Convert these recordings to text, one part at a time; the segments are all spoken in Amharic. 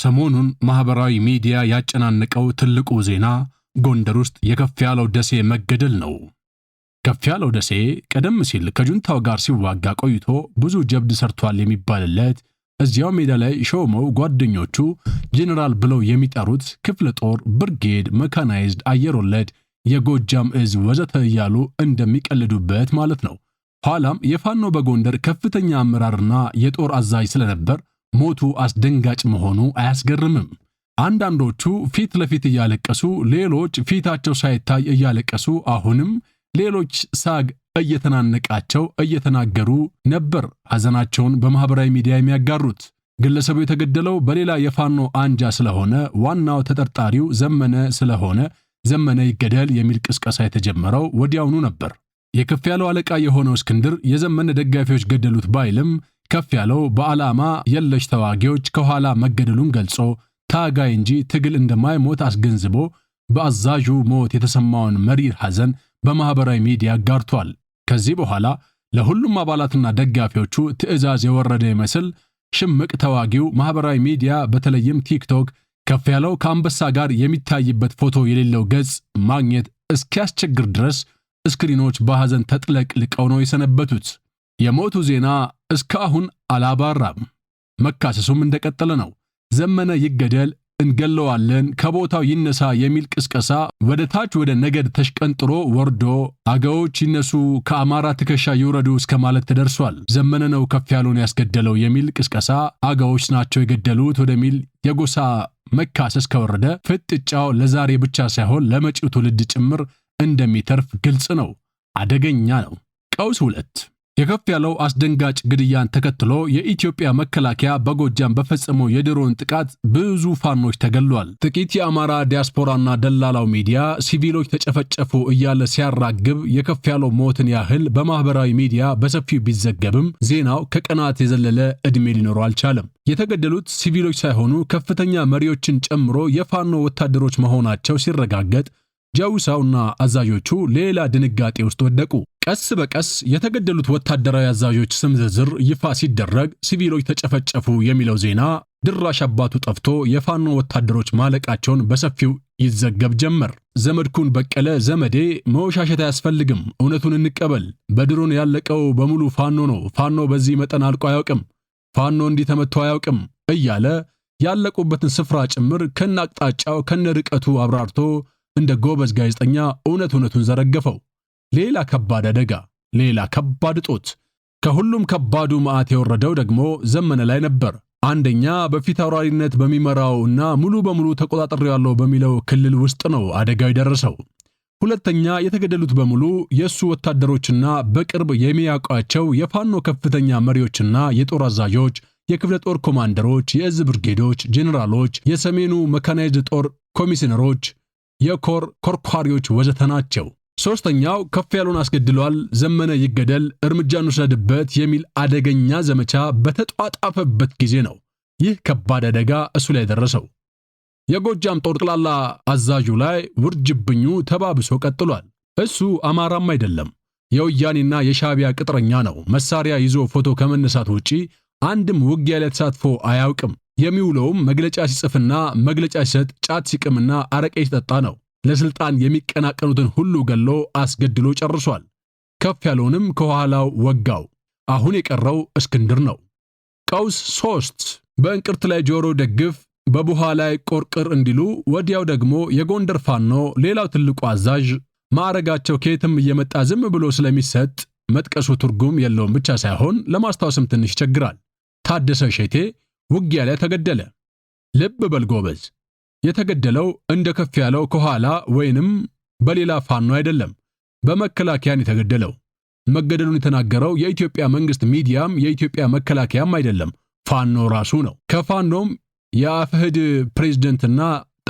ሰሞኑን ማኅበራዊ ሚዲያ ያጨናነቀው ትልቁ ዜና ጎንደር ውስጥ የከፍ ያለው ደሴ መገደል ነው። ከፍ ያለው ደሴ ቀደም ሲል ከጁንታው ጋር ሲዋጋ ቆይቶ ብዙ ጀብድ ሰርቷል የሚባልለት እዚያው ሜዳ ላይ ሾመው ጓደኞቹ ጄኔራል ብለው የሚጠሩት ክፍለ ጦር፣ ብርጌድ፣ መካናይዝድ፣ አየር ወለድ፣ የጎጃም እዝ ወዘተ እያሉ እንደሚቀልዱበት ማለት ነው። ኋላም የፋኖ በጎንደር ከፍተኛ አመራርና የጦር አዛዥ ስለነበር ሞቱ አስደንጋጭ መሆኑ አያስገርምም። አንዳንዶቹ ፊት ለፊት እያለቀሱ፣ ሌሎች ፊታቸው ሳይታይ እያለቀሱ፣ አሁንም ሌሎች ሳግ እየተናነቃቸው እየተናገሩ ነበር ሐዘናቸውን በማኅበራዊ ሚዲያ የሚያጋሩት። ግለሰቡ የተገደለው በሌላ የፋኖ አንጃ ስለሆነ ዋናው ተጠርጣሪው ዘመነ ስለሆነ ዘመነ ይገደል የሚል ቅስቀሳ የተጀመረው ወዲያውኑ ነበር። የከፍ ያለው አለቃ የሆነው እስክንድር የዘመነ ደጋፊዎች ገደሉት ባይልም ከፍ ያለው በዓላማ የለሽ ተዋጊዎች ከኋላ መገደሉን ገልጾ ታጋይ እንጂ ትግል እንደማይሞት አስገንዝቦ በአዛዡ ሞት የተሰማውን መሪር ሐዘን በማኅበራዊ ሚዲያ አጋርቷል። ከዚህ በኋላ ለሁሉም አባላትና ደጋፊዎቹ ትዕዛዝ የወረደ ይመስል ሽምቅ ተዋጊው ማኅበራዊ ሚዲያ በተለይም ቲክቶክ ከፍ ያለው ከአንበሳ ጋር የሚታይበት ፎቶ የሌለው ገጽ ማግኘት እስኪያስቸግር ድረስ ስክሪኖች በሐዘን ተጥለቅልቀው ነው የሰነበቱት። የሞቱ ዜና እስካሁን አላባራም። መካሰሱም እንደቀጠለ ነው። ዘመነ ይገደል፣ እንገለዋለን፣ ከቦታው ይነሳ የሚል ቅስቀሳ ወደ ታች ወደ ነገድ ተሽቀንጥሮ ወርዶ አገዎች ይነሱ፣ ከአማራ ትከሻ ይውረዱ እስከ ማለት ተደርሷል። ዘመነ ነው ከፍ ያለውን ያስገደለው የሚል ቅስቀሳ አገዎች ናቸው የገደሉት ወደሚል የጎሳ መካሰስ ከወረደ ፍጥጫው ለዛሬ ብቻ ሳይሆን ለመጪው ትውልድ ጭምር እንደሚተርፍ ግልጽ ነው። አደገኛ ነው። ቀውስ ሁለት የከፍ ያለው አስደንጋጭ ግድያን ተከትሎ የኢትዮጵያ መከላከያ በጎጃም በፈጸመው የድሮን ጥቃት ብዙ ፋኖች ተገሏል። ጥቂት የአማራ ዲያስፖራና ደላላው ሚዲያ ሲቪሎች ተጨፈጨፉ እያለ ሲያራግብ የከፍ ያለው ሞትን ያህል በማህበራዊ ሚዲያ በሰፊው ቢዘገብም ዜናው ከቀናት የዘለለ ዕድሜ ሊኖረው አልቻለም። የተገደሉት ሲቪሎች ሳይሆኑ ከፍተኛ መሪዎችን ጨምሮ የፋኖ ወታደሮች መሆናቸው ሲረጋገጥ ጃውሳውና አዛዦቹ ሌላ ድንጋጤ ውስጥ ወደቁ። ቀስ በቀስ የተገደሉት ወታደራዊ አዛዦች ስም ዝርዝር ይፋ ሲደረግ ሲቪሎች ተጨፈጨፉ የሚለው ዜና ድራሽ አባቱ ጠፍቶ የፋኖ ወታደሮች ማለቃቸውን በሰፊው ይዘገብ ጀመር። ዘመድኩን በቀለ ዘመዴ መወሻሸት አያስፈልግም፣ እውነቱን እንቀበል፣ በድሮን ያለቀው በሙሉ ፋኖ ነው፣ ፋኖ በዚህ መጠን አልቆ አያውቅም፣ ፋኖ እንዲህ ተመቶ አያውቅም እያለ ያለቁበትን ስፍራ ጭምር ከነ አቅጣጫው ከነ ርቀቱ አብራርቶ እንደ ጎበዝ ጋዜጠኛ እውነት እውነቱን ዘረገፈው። ሌላ ከባድ አደጋ፣ ሌላ ከባድ ጦት። ከሁሉም ከባዱ መዓት የወረደው ደግሞ ዘመነ ላይ ነበር። አንደኛ በፊት አውራሪነት በሚመራው እና ሙሉ በሙሉ ያለው በሚለው ክልል ውስጥ ነው አደጋው የደረሰው። ሁለተኛ የተገደሉት በሙሉ የእሱ ወታደሮችና በቅርብ የሚያውቋቸው የፋኖ ከፍተኛ መሪዎችና የጦር አዛዦች፣ የክፍለ ጦር ኮማንደሮች፣ የእዝ ብርጌዶች፣ ጄኔራሎች፣ የሰሜኑ መካናይዝድ ጦር ኮሚሽነሮች፣ የኮር ኮርኳሪዎች ወዘተ ናቸው። ሶስተኛው ከፍ ያሉን አስገድሏል፣ ዘመነ ይገደል፣ እርምጃ እንውሰድበት የሚል አደገኛ ዘመቻ በተጧጣፈበት ጊዜ ነው ይህ ከባድ አደጋ እሱ ላይ ደረሰው። የጎጃም ጦር ጠቅላላ አዛዡ ላይ ውርጅብኙ ተባብሶ ቀጥሏል። እሱ አማራም አይደለም፣ የወያኔና የሻቢያ ቅጥረኛ ነው። መሳሪያ ይዞ ፎቶ ከመነሳት ውጪ አንድም ውጊያ ላይ ተሳትፎ አያውቅም። የሚውለውም መግለጫ ሲጽፍና መግለጫ ሲሰጥ፣ ጫት ሲቅምና አረቄ ሲጠጣ ነው። ለስልጣን የሚቀናቀኑትን ሁሉ ገሎ አስገድሎ ጨርሷል። ከፍ ያለውንም ከኋላው ወጋው። አሁን የቀረው እስክንድር ነው። ቀውስ ሶስት በእንቅርት ላይ ጆሮ ደግፍ በቡሃ ላይ ቆርቅር እንዲሉ ወዲያው ደግሞ የጎንደር ፋኖ ሌላው ትልቁ አዛዥ ማዕረጋቸው ከየትም እየመጣ ዝም ብሎ ስለሚሰጥ መጥቀሱ ትርጉም የለውም ብቻ ሳይሆን ለማስታወስም ትንሽ ይቸግራል። ታደሰ ሼቴ ውጊያ ላይ ተገደለ። ልብ በል ጎበዝ፣ የተገደለው እንደ ከፍ ያለው ከኋላ ወይንም በሌላ ፋኖ አይደለም፣ በመከላከያን የተገደለው። መገደሉን የተናገረው የኢትዮጵያ መንግስት ሚዲያም የኢትዮጵያ መከላከያም አይደለም፣ ፋኖ ራሱ ነው። ከፋኖም የአፈህድ ፕሬዝደንትና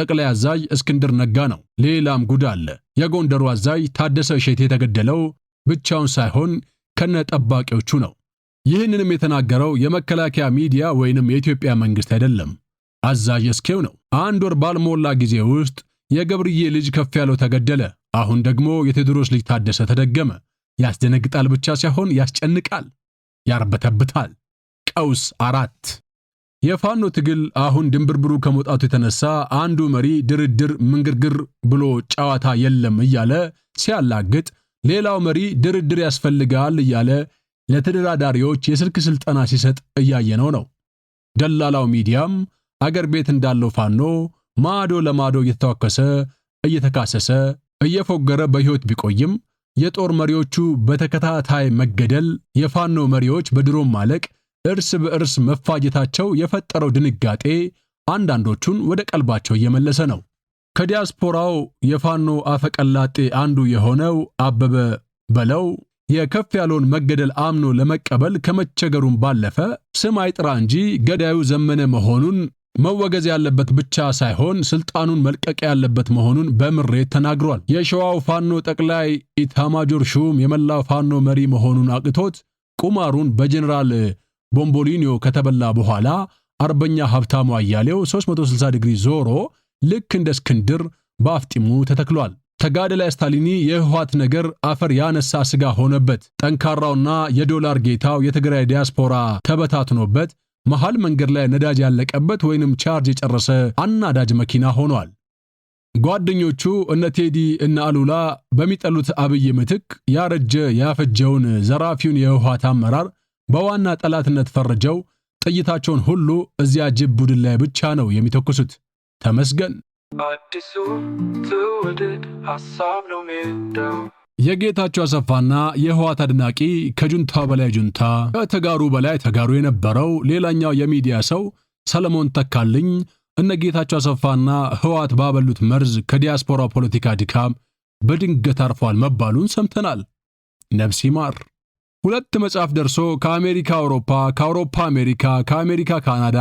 ጠቅላይ አዛዥ እስክንድር ነጋ ነው። ሌላም ጉድ አለ። የጎንደሩ አዛዥ ታደሰ እሸት የተገደለው ብቻውን ሳይሆን ከነ ጠባቂዎቹ ነው። ይህንንም የተናገረው የመከላከያ ሚዲያ ወይንም የኢትዮጵያ መንግስት አይደለም። አዛዥ እስኬው ነው። አንድ ወር ባልሞላ ጊዜ ውስጥ የገብርዬ ልጅ ከፍ ያለው ተገደለ። አሁን ደግሞ የቴዎድሮስ ልጅ ታደሰ ተደገመ። ያስደነግጣል ብቻ ሳይሆን ያስጨንቃል፣ ያርበተብታል። ቀውስ አራት የፋኖ ትግል አሁን ድንብርብሩ ከመውጣቱ የተነሳ አንዱ መሪ ድርድር ምንግርግር ብሎ ጨዋታ የለም እያለ ሲያላግጥ፣ ሌላው መሪ ድርድር ያስፈልጋል እያለ ለተደራዳሪዎች የስልክ ስልጠና ሲሰጥ እያየነው ነው። ደላላው ሚዲያም አገር ቤት እንዳለው ፋኖ ማዶ ለማዶ እየተተዋከሰ እየተካሰሰ እየፎገረ በሕይወት ቢቆይም የጦር መሪዎቹ በተከታታይ መገደል፣ የፋኖ መሪዎች በድሮ ማለቅ፣ እርስ በእርስ መፋጀታቸው የፈጠረው ድንጋጤ አንዳንዶቹን ወደ ቀልባቸው እየመለሰ ነው። ከዲያስፖራው የፋኖ አፈቀላጤ አንዱ የሆነው አበበ በለው የከፍ ያለውን መገደል አምኖ ለመቀበል ከመቸገሩም ባለፈ ስም አይጥራ እንጂ ገዳዩ ዘመነ መሆኑን መወገዝ ያለበት ብቻ ሳይሆን ስልጣኑን መልቀቅ ያለበት መሆኑን በምሬት ተናግሯል። የሸዋው ፋኖ ጠቅላይ ኢታማጆር ሹም የመላው ፋኖ መሪ መሆኑን አቅቶት ቁማሩን በጀኔራል ቦምቦሊኒዮ ከተበላ በኋላ አርበኛ ሀብታሙ አያሌው 360 ዲግሪ ዞሮ ልክ እንደ እስክንድር በአፍጢሙ ተተክሏል። ተጋደላይ ስታሊኒ የህወሓት ነገር አፈር ያነሳ ስጋ ሆነበት። ጠንካራውና የዶላር ጌታው የትግራይ ዲያስፖራ ተበታትኖበት መሃል መንገድ ላይ ነዳጅ ያለቀበት ወይንም ቻርጅ የጨረሰ አናዳጅ መኪና ሆኗል። ጓደኞቹ እነ ቴዲ እነ አሉላ በሚጠሉት አብይ ምትክ ያረጀ ያፈጀውን ዘራፊውን የህወሓት አመራር በዋና ጠላትነት ፈርጀው ጥይታቸውን ሁሉ እዚያ ጅብ ቡድን ላይ ብቻ ነው የሚተኩሱት። ተመስገን አዲሱ ትውልድ ሀሳብ ነው ሜዳው የጌታቸው አሰፋና የህዋት አድናቂ ከጁንታ በላይ ጁንታ ከተጋሩ በላይ ተጋሩ የነበረው ሌላኛው የሚዲያ ሰው ሰለሞን ተካልኝ እነ ጌታቸው አሰፋና ህዋት ባበሉት መርዝ ከዲያስፖራ ፖለቲካ ድካም በድንገት አርፏል መባሉን ሰምተናል። ነፍስ ይማር። ሁለት መጽሐፍ ደርሶ ከአሜሪካ አውሮፓ፣ ከአውሮፓ አሜሪካ፣ ከአሜሪካ ካናዳ፣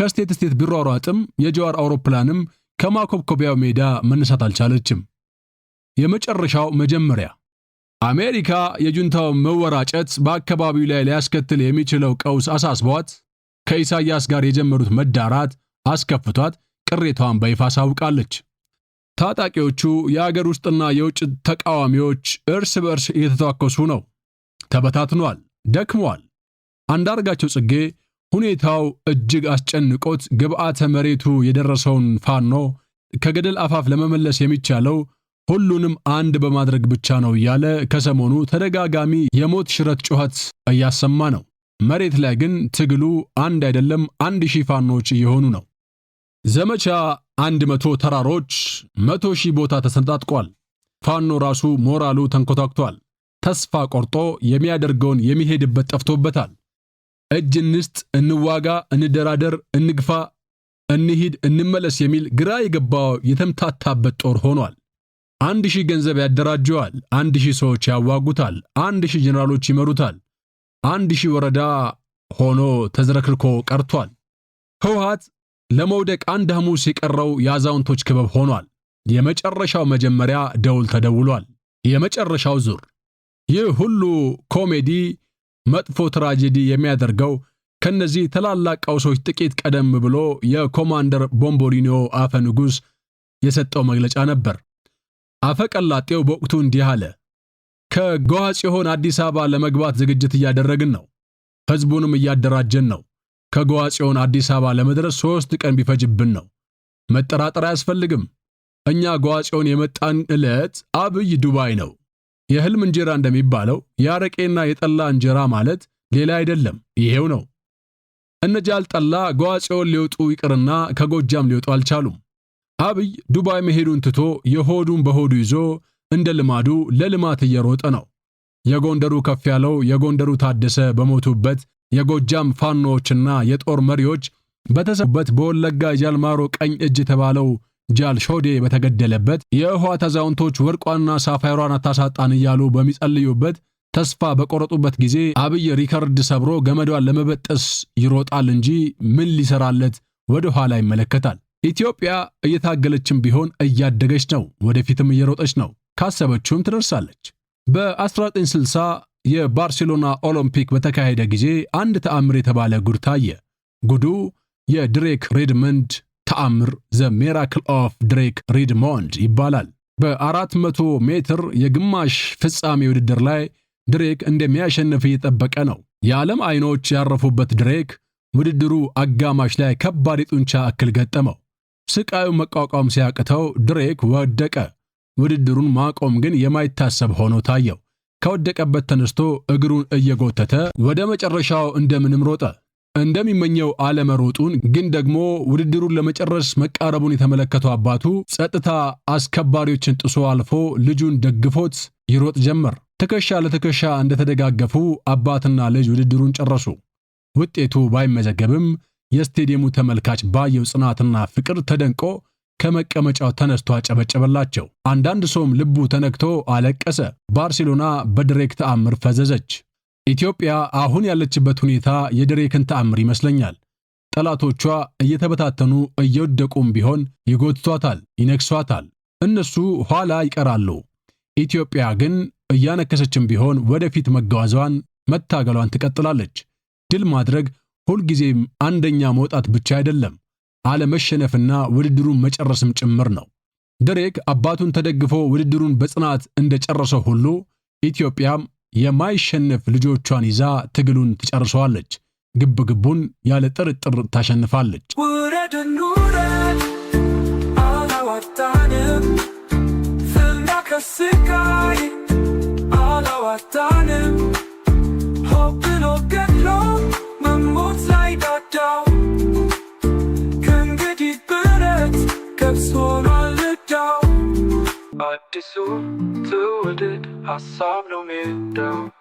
ከስቴት ስቴት ቢሯሯጥም የጀዋር አውሮፕላንም ከማኮብኮቢያው ሜዳ መነሳት አልቻለችም። የመጨረሻው መጀመሪያ አሜሪካ የጁንታው መወራጨት በአካባቢው ላይ ሊያስከትል የሚችለው ቀውስ አሳስቧት ከኢሳያስ ጋር የጀመሩት መዳራት አስከፍቷት ቅሬታዋን በይፋ አሳውቃለች። ታጣቂዎቹ የአገር ውስጥና የውጭ ተቃዋሚዎች እርስ በእርስ እየተተዋከሱ ነው። ተበታትኗል፣ ደክሟል። አንዳርጋቸው ጽጌ ሁኔታው እጅግ አስጨንቆት ግብዓተ መሬቱ የደረሰውን ፋኖ ከገደል አፋፍ ለመመለስ የሚቻለው ሁሉንም አንድ በማድረግ ብቻ ነው እያለ ከሰሞኑ ተደጋጋሚ የሞት ሽረት ጩኸት እያሰማ ነው። መሬት ላይ ግን ትግሉ አንድ አይደለም፣ አንድ ሺህ ፋኖች እየሆኑ ነው። ዘመቻ አንድ መቶ ተራሮች መቶ ሺህ ቦታ ተሰንጣጥቋል። ፋኖ ራሱ ሞራሉ ተንኮታክቷል። ተስፋ ቆርጦ የሚያደርገውን የሚሄድበት ጠፍቶበታል። እጅ እንስጥ፣ እንዋጋ፣ እንደራደር፣ እንግፋ፣ እንሂድ፣ እንመለስ የሚል ግራ የገባው የተምታታበት ጦር ሆኗል። አንድ ሺህ ገንዘብ ያደራጀዋል። አንድ ሺህ ሰዎች ያዋጉታል። አንድ ሺህ ጀነራሎች ይመሩታል። አንድ ሺህ ወረዳ ሆኖ ተዝረክርኮ ቀርቷል። ህወሓት ለመውደቅ አንድ ሐሙስ የቀረው የአዛውንቶች ክበብ ሆኗል። የመጨረሻው መጀመሪያ ደውል ተደውሏል። የመጨረሻው ዙር። ይህ ሁሉ ኮሜዲ፣ መጥፎ ትራጀዲ የሚያደርገው ከነዚህ ታላላቅ ቀውሶች ጥቂት ቀደም ብሎ የኮማንደር ቦምቦሊኖ አፈ ንጉሥ የሰጠው መግለጫ ነበር። አፈቀላጤው በወቅቱ እንዲህ አለ። ከጎሐጽዮን አዲስ አበባ ለመግባት ዝግጅት እያደረግን ነው። ሕዝቡንም እያደራጀን ነው። ከጎሐጽዮን አዲስ አበባ ለመድረስ ሦስት ቀን ቢፈጅብን ነው። መጠራጠር አያስፈልግም። እኛ ጎሐጽዮን የመጣን ዕለት አብይ ዱባይ ነው። የሕልም እንጀራ እንደሚባለው የአረቄና የጠላ እንጀራ ማለት ሌላ አይደለም፣ ይሄው ነው። እነ ጃልጠላ ጎሐጽዮን ሊወጡ ይቅርና ከጎጃም ሊወጡ አልቻሉም። አብይ ዱባይ መሄዱን ትቶ የሆዱን በሆዱ ይዞ እንደ ልማዱ ለልማት እየሮጠ ነው። የጎንደሩ ከፍ ያለው የጎንደሩ ታደሰ በሞቱበት የጎጃም ፋኖዎችና የጦር መሪዎች በተሰቡበት በወለጋ ጃልማሮ ቀኝ እጅ የተባለው ጃል ሾዴ በተገደለበት የህወሓት አዛውንቶች ወርቋና ሳፋይሯን አታሳጣን እያሉ በሚጸልዩበት ተስፋ በቆረጡበት ጊዜ አብይ ሪከርድ ሰብሮ ገመዷን ለመበጠስ ይሮጣል እንጂ ምን ሊሰራለት ወደ ኋላ ይመለከታል? ኢትዮጵያ እየታገለችም ቢሆን እያደገች ነው። ወደፊትም እየሮጠች ነው። ካሰበችውም ትደርሳለች። በ1960 የባርሴሎና ኦሎምፒክ በተካሄደ ጊዜ አንድ ተአምር የተባለ ጉድ ታየ። ጉዱ የድሬክ ሬድመንድ ተአምር ዘ ሚራክል ኦፍ ድሬክ ሬድሞንድ ይባላል። በ400 ሜትር የግማሽ ፍጻሜ ውድድር ላይ ድሬክ እንደሚያሸንፍ እየጠበቀ ነው። የዓለም አይኖች ያረፉበት ድሬክ ውድድሩ አጋማሽ ላይ ከባድ የጡንቻ እክል ገጠመው። ስቃዩ መቋቋም ሲያቅተው ድሬክ ወደቀ። ውድድሩን ማቆም ግን የማይታሰብ ሆኖ ታየው። ከወደቀበት ተነስቶ እግሩን እየጎተተ ወደ መጨረሻው እንደምንም ሮጠ። እንደሚመኘው አለመሮጡን ግን ደግሞ ውድድሩን ለመጨረስ መቃረቡን የተመለከተው አባቱ ጸጥታ አስከባሪዎችን ጥሶ አልፎ ልጁን ደግፎት ይሮጥ ጀመር። ትከሻ ለትከሻ እንደተደጋገፉ አባትና ልጅ ውድድሩን ጨረሱ። ውጤቱ ባይመዘገብም የስቴዲየሙ ተመልካች ባየው ጽናትና ፍቅር ተደንቆ ከመቀመጫው ተነስቶ አጨበጨበላቸው። አንዳንድ ሰውም ልቡ ተነክቶ አለቀሰ። ባርሴሎና በድሬክ ተአምር ፈዘዘች። ኢትዮጵያ አሁን ያለችበት ሁኔታ የድሬክን ተአምር ይመስለኛል። ጠላቶቿ እየተበታተኑ እየወደቁም ቢሆን ይጎትቷታል፣ ይነክሷታል። እነሱ ኋላ ይቀራሉ። ኢትዮጵያ ግን እያነከሰችም ቢሆን ወደፊት መጓዟን፣ መታገሏን ትቀጥላለች። ድል ማድረግ ሁልጊዜም አንደኛ መውጣት ብቻ አይደለም፣ አለመሸነፍና ውድድሩን መጨረስም ጭምር ነው። ደሬክ አባቱን ተደግፎ ውድድሩን በጽናት እንደጨረሰው ሁሉ ኢትዮጵያም የማይሸነፍ ልጆቿን ይዛ ትግሉን ትጨርሰዋለች። ግብ ግቡን ያለ ጥርጥር ታሸንፋለች። ውረድ እንውረድ አላዋጣንም ፍና አላዋጣ så turligt har samlet mit down.